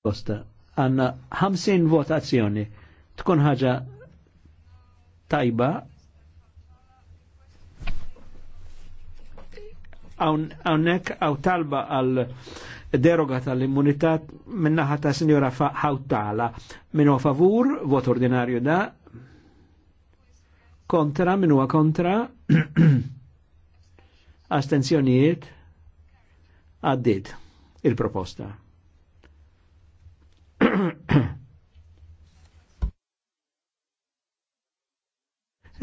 posta għanna 50 votazzjoni tkun ħaġa tajba għawnek għaw talba għal deroga tal-immunità minnaħa ta' sinjora Hawtala minu favur, vot ordinarju da kontra, minu kontra astenzjonijiet għaddit il-proposta.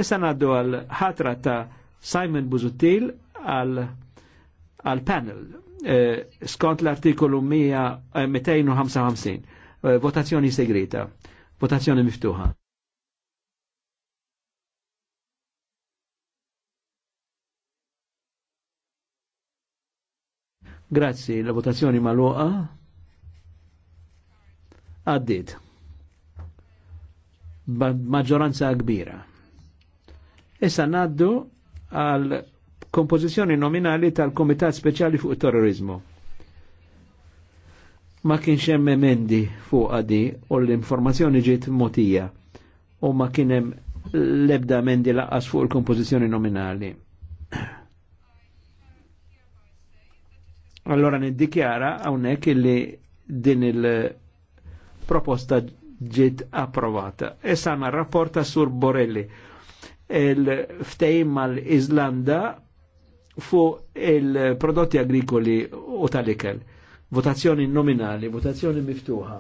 Issa naddu għal ħatra ta' Simon Buzuttil għal panel e, skont l-artikolu 255 e, e, votazzjoni segreta votazzjoni miftuħa Grazzi, la votazione maluqa għaddit. Maġġoranza kbira. Issa naddu għal kompożizzjoni nominali tal-Komitat Speċjali fuq terrorizmu. Ma kienx hemm emendi fuq għadi u l-informazzjoni ġiet motija u ma kien hemm l-ebda emendi laqqas fuq il-kompożizzjoni nominali. Allora niddikjara hawnhekk illi din il- proposta ġiet approvata. Issa għanna rapporta sur Borelli il-ftejn mal-Izlanda fuq il-prodotti agrikoli u tal-ikel. Votazzjoni nominali, votazzjoni miftuħa.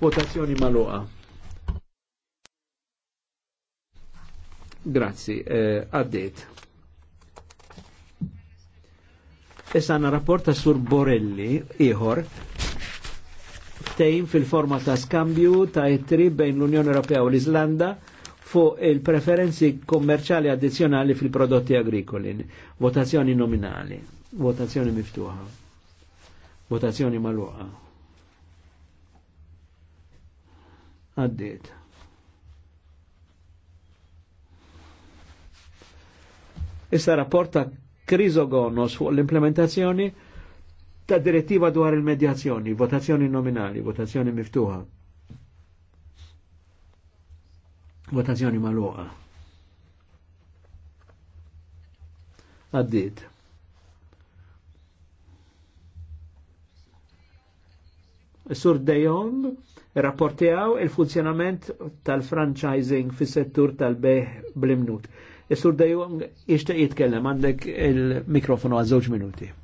votazzjoni maluqa. Grazzi, eh, Eh, Issa e għanna rapport ta' Sur Borelli, iħor, tejn fil-forma ta' skambju ta' ittri bejn l-Unjoni Ewropea u l-Islanda fuq il-preferenzi kommerċali addizjonali fil-prodotti agrikoli. Votazzjoni nominali, votazzjoni miftuħa, votazzjoni maluqa. Għaddit. Issa rapport ta' Krizogonos fuq l-implementazzjoni ta' direttiva dwar il-medjazzjoni, votazzjoni nominali, votazzjoni miftuħa. Votazzjoni maluqa. Għaddit. Sur De Jong rapporteaw il-funzjonament tal-franchising fis settur tal-beħ bl-imnut. Is-sur De jitkellem għandek il-mikrofonu għal żewġ minuti.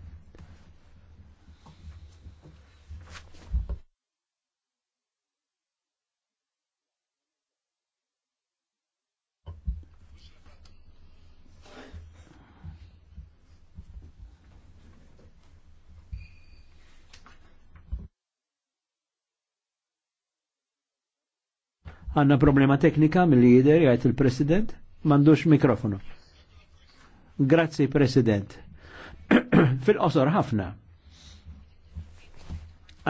għanna problema teknika mill-lider jgħajt il-president? mandux mikrofonu. Grazzi, President. Fil-qosor ħafna.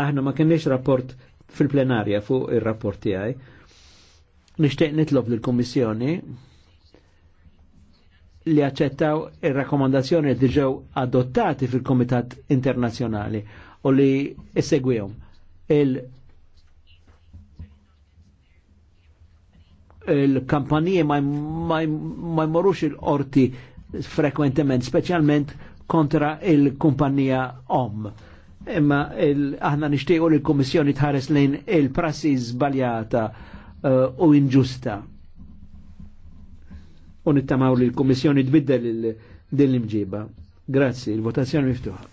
Aħna ma kienniex rapport fil-plenarja fuq il-rapport tiegħi. Nixtieq nitlob lill-Kummissjoni li accettaw il-rakkomandazzjoni li ġew adottati fil-Komitat Internazzjonali u li segwihom. Il- il-kampanije ma jmorux il-qorti frekwentement, specialment kontra il-kumpanija om. Imma aħna nishtiqu li l-Komissjoni tħares lejn il-prassi zbaljata eh, u inġusta. U nittamaw li l-Komissjoni tbiddel din l-imġiba. Grazzi, il-votazzjoni miftuħa.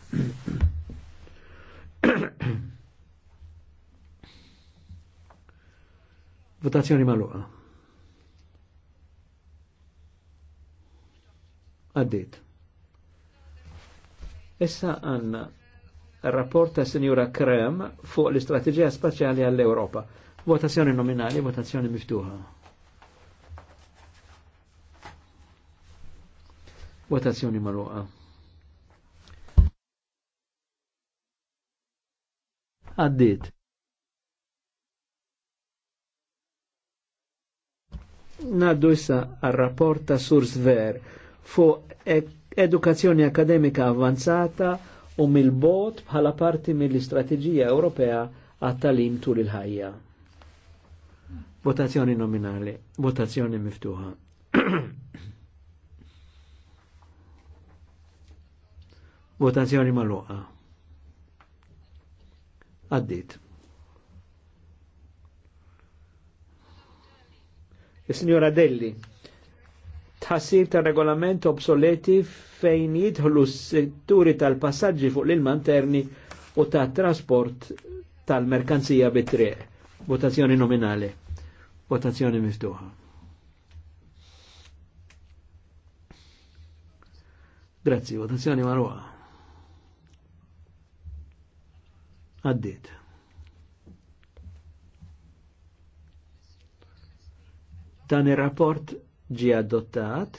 Votazzjoni maluqa. Għaddit. Issa għanna rapport ta' Sinjura Krem fuq l-istrateġija spazjali għall-Europa. Votazzjoni nominali, votazzjoni miftuħa. Votazzjoni marruqa. Għaddit. Naddu issa għal rapport ta' Sursver. Ver fuq edukazzjoni akademika avanzata u mill-bot bħala parti mill-istrateġija Ewropea għat-talim tul il-ħajja. Votazzjoni nominali, votazzjoni miftuħa. votazzjoni maluqa. Għaddit. Il-Signora Delli tħassir ta' regolament obsoleti fejn jidħlu s-setturi tal-passaggi fuq l manterni u ta' trasport tal-merkanzija bitriq. Votazzjoni nominali. Votazzjoni miftuħa. Grazzi, votazzjoni marwa. Għaddit. Dan il rapport ġi adottat.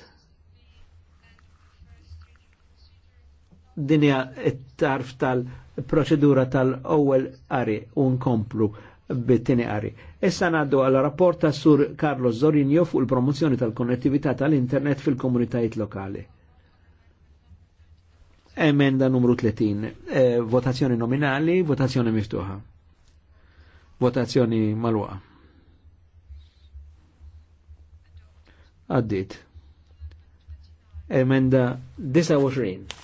Dinja it-tarf tal-proċedura tal-ewwel qari u nkomplu bit-tieni qari. Issa ngħaddu għal rapport ta' Sur Carlo Zorinjo fuq il-promozzjoni tal-konnettività tal-internet fil-komunitajiet lokali. Emenda numru 30. E, votazzjoni nominali, votazzjoni miftuħa. Votazzjoni malwaqa. għaddit. Emenda 29.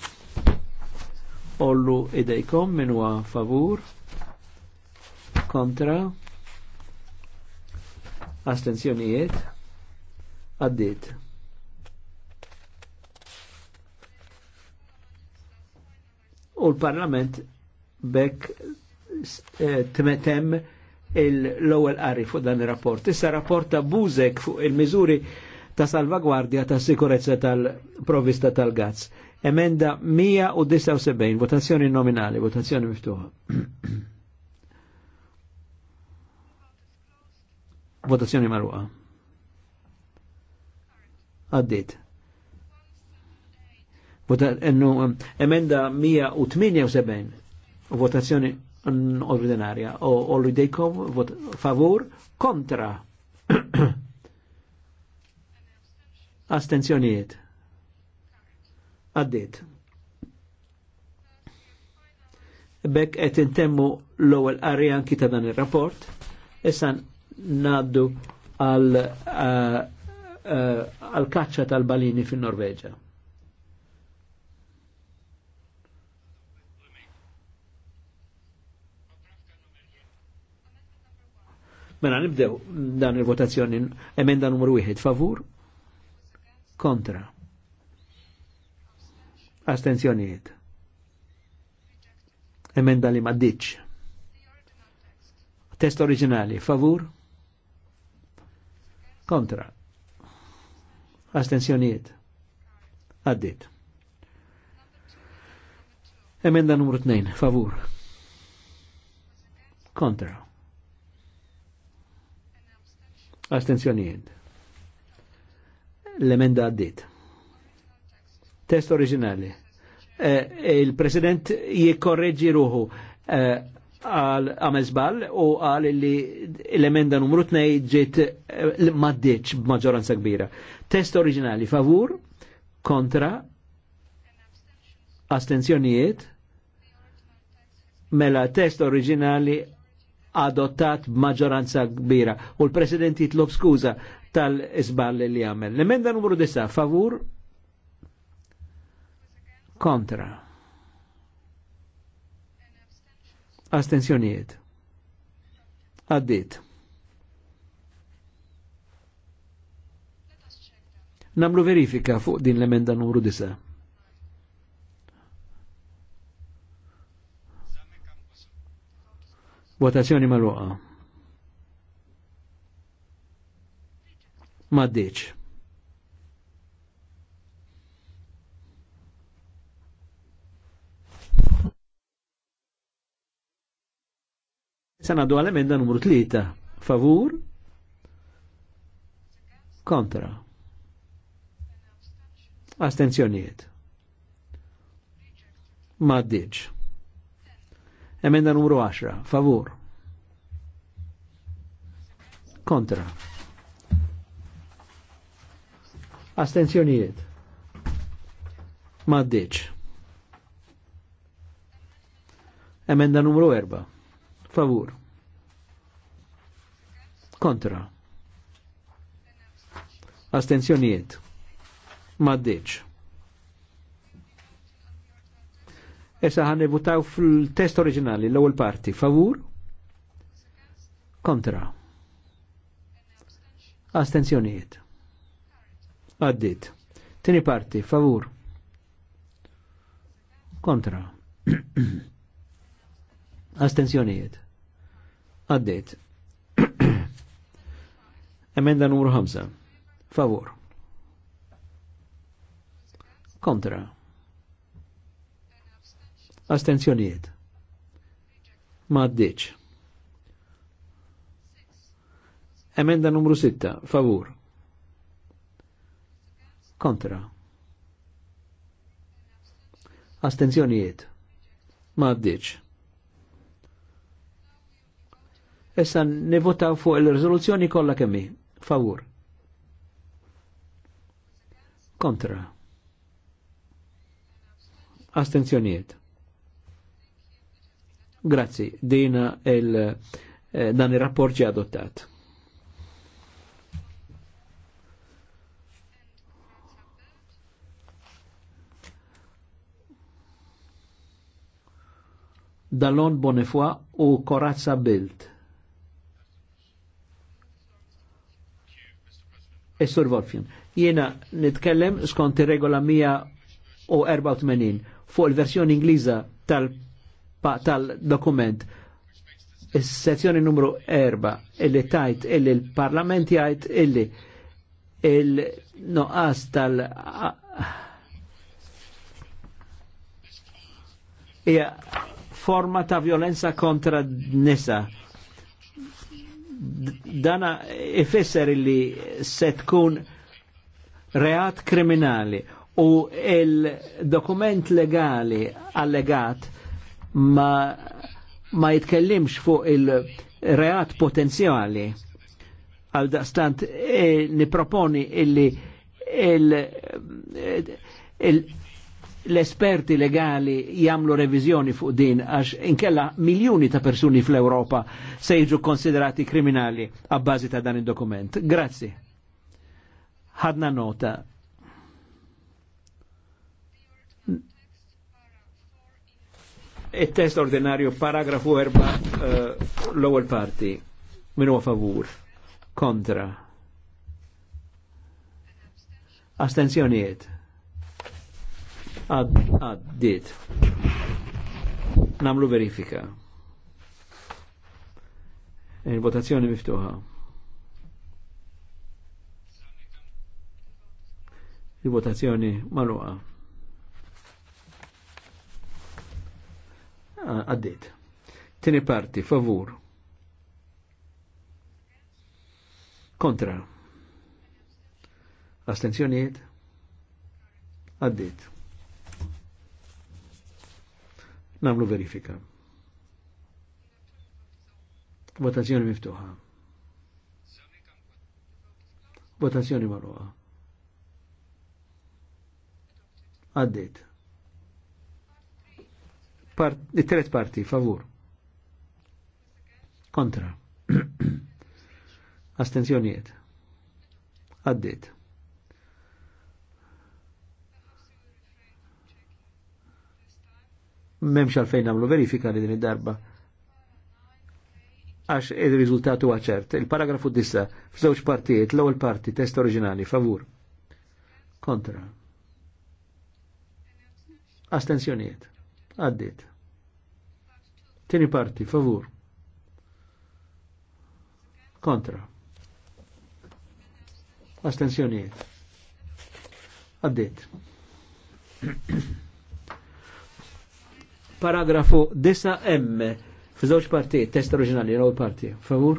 Ollu idejkom minn huwa favur, kontra, astenzjonijiet, għaddit. U l-Parlament bekk eh, tmetem il-lowel Arifu fuq dan il rapport Issa rapport ta' Buzek fuq il mizuri ta' salvagwardja ta' sikurezza tal-provista tal-gazz. Emenda 179, votazzjoni nominali, votazzjoni miftuħa. votazzjoni marruqa. Għaddit. emenda 178, votazzjoni ordinarja, o, o favur, kontra. Astenzjonijiet. Għaddit. Bekk qed intemmu l-ewwel qari anki ta' dan ir-rapport, issa naddu għal eh, eh, għal kaċċa tal-balini fin-Norveġa. Mela nibdew dan il-votazzjoni emenda numru 1 favur, kontra. Astenzjonijiet. Emenda li maddiċ. Test oriġinali, favur? Kontra. Astenzjonijiet. Addit. Emenda numru 2, favur. Kontra. Astenzjonijiet L-emenda għaddit. Test oriġinali. Eh, Il-President jikorreġi ruħu eh, għal għamezbal u għal li l-emenda numru 2 ġiet eh, maddiċ b'maġġoranza kbira. Test oriġinali favur, kontra, astenzjonijiet, mela test oriġinali adottat maġoranza kbira u l-President jitlob skuża tal-isball li għamel. L-emenda numru 10, favur kontra. Astenzjonijiet. Għaddit. Namlu verifika fuq din l-emenda numru 10. Votazzjoni maluqa. Maddiċ. Sanaddu għal-emenda numru 3. Favur? Kontra. Astenzjoniet. Maddiċ. Emenda numru 10. Favur. Kontra. Astenzjonijiet. Maddiċ. Emenda numru 4. Favur. Kontra. Astenzjonijiet. Maddiċ. Issa ħan votaw fil-test oriġinali, l-ewwel parti, favur, kontra. Astenzjonijiet. Għaddit. Tini parti, favur. Kontra. Astenzjonijiet. Għaddit. Emenda numru 5. Favur. Kontra. Astenzjonijiet. Ma għaddiċ. Emenda numru 6, favur. Kontra. Astenzjonijiet. Ma Essa Issa nivotaw fuq il-rizoluzzjoni kollha kemmi. Favur. Kontra. Astenzjonijiet. Grazzi, dina il, eh, dan il-rapport ġi adottat. Dallon Bonifua u Corazza Bild. Essur sur jena nitkellem skont il regola 184 fuq il-versjoni Ingliża tal- tal-dokument. Is-sezzjoni numru 4 illi tajt illi l-Parlament jgħid illi il-noqas tal- hija forma ta' violenza kontra nisa. Dana ifisser illi se tkun reat kriminali u il-dokument legali allegat ma, ma jitkellimx fuq il-reat potenzjali. Għal daqstant e, niproponi illi l-esperti il, legali jamlu revizjoni fuq din għax inkella miljoni ta' persuni fl-Europa se jiġu konsiderati kriminali għabbażi ta' dan il-dokument. Grazzi. Ħadna nota Il-test ordinario paragrafu 4 eh, l-ewwel parti. Min huwa favur? Kontra. Astenzjonijiet. Għaddit. Namlu verifika. Il-votazzjoni miftuħa. Il-votazzjoni maluqa. għaddit. Tini parti, favur. Kontra. Astenzjoniet. Għaddit. Namlu verifika. Votazzjoni miftuħa. Votazzjoni marruħa. Għaddit it-tret parti, favur. Kontra. Astenzjoniet. Għaddit. Memx għalfejn namlu verifika li din id-darba. Għax il rizultatu għacert. Il-paragrafu dissa f'żewġ partijiet, l-ewwel parti test oriġinali, favur. Kontra. Astenzjoniet Għaddit. Tieni parti, favur. Kontra. Astenzjoniet. Għaddit. Paragrafu 10 m f'żewġ parti, test oriġinali, l-ewwel parti, favur?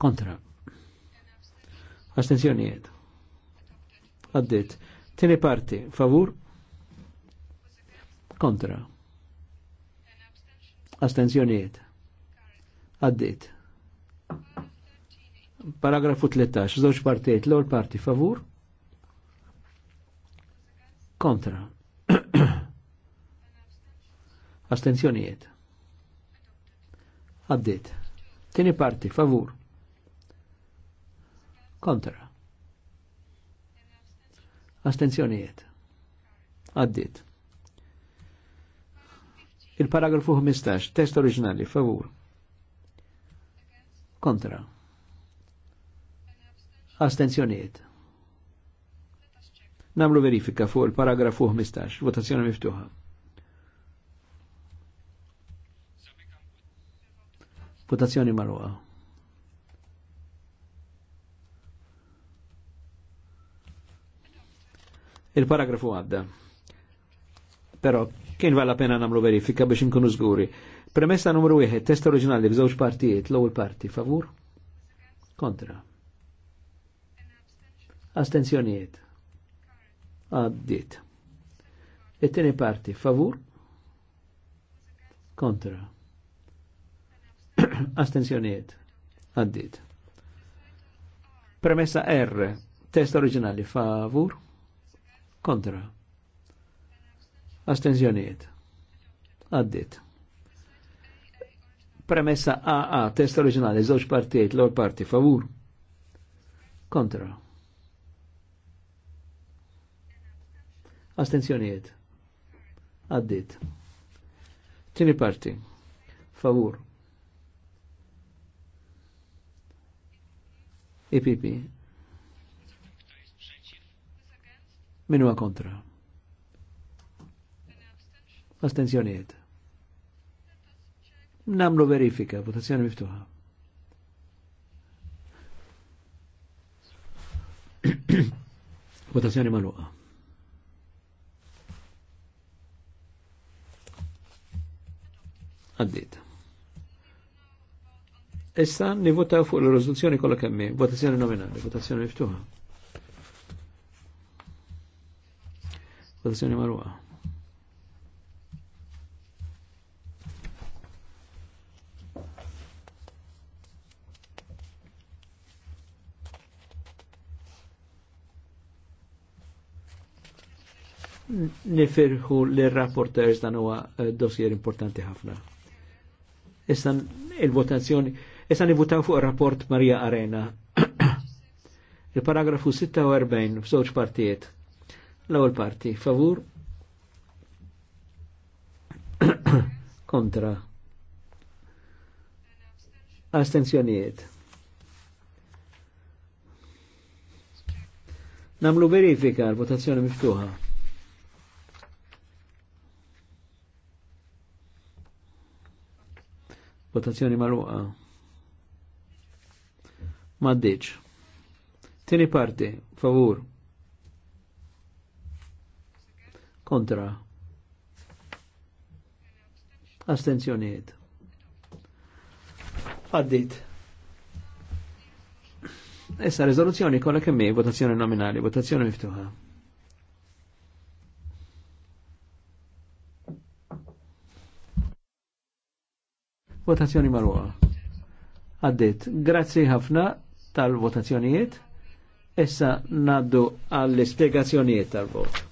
Kontra. Astenzjoniet. Għaddit. Tieni parti, favur? kontra. Astenzjoniet. Għaddit. Paragrafu 13, Zoċ partijiet, l għol parti favur. Kontra. Astenzjoniet. Għaddit. Tieni parti favur. Kontra. Astenzjoniet. Għaddit. Il-paragrafu 15, test oriġinali, favur. Kontra. Astenzjoniet. Namlu verifika fuq il-paragrafu 15, votazzjoni miftuħa. Votazzjoni marwa. Il-paragrafu għadda pero kien vala pena namlu verifika biex nkunu zguri. Premessa numru 1, test oriġinali f'żewġ partijiet, l-ewwel parti favur, kontra. Astenzjonijiet. Għaddiet. It-tieni parti favur, kontra. Astenzjonijiet. Għaddiet. Premessa R, test oriġinali favur, kontra Astenzjoniet. Għaddit. Premessa AA, test oriġinali, zoċ partijiet, l-ewwel parti favur. Kontra. Astenzjoniet. Għaddit. Tini parti. Favur. EPP. Minua kontra. Astenzjoniet. Namlu verifika, votazzjoni miftuħa. votazzjoni maluqa. Għaddit. Issa nivota fuq il-rezoluzzjoni kollha kemm votazzjoni nominali, votazzjoni miftuħa. Votazzjoni maluqa. nifirħu l-rapporters dan huwa eh, dossier importanti ħafna. Issa il-votazzjoni, issa nivutaw fuq il-rapport Maria Arena. Il-paragrafu 46 f'żewġ partijiet. L-ewwel parti, favur. Kontra. Astenzjonijiet. Namlu verifika l-votazzjoni miftuħa. Votazzjoni maluqa. Maddiċ. Tieni parti, favur. Kontra. Astenzjoniet. Għaddit. Essa rezoluzzjoni kolla kemmi votazzjoni nominali, votazzjoni miftuħa. Votazzjoni marwa. Għaddit. Grazzi ħafna tal-votazzjonijiet. Essa naddu għall-spiegazzjonijiet tal-vot.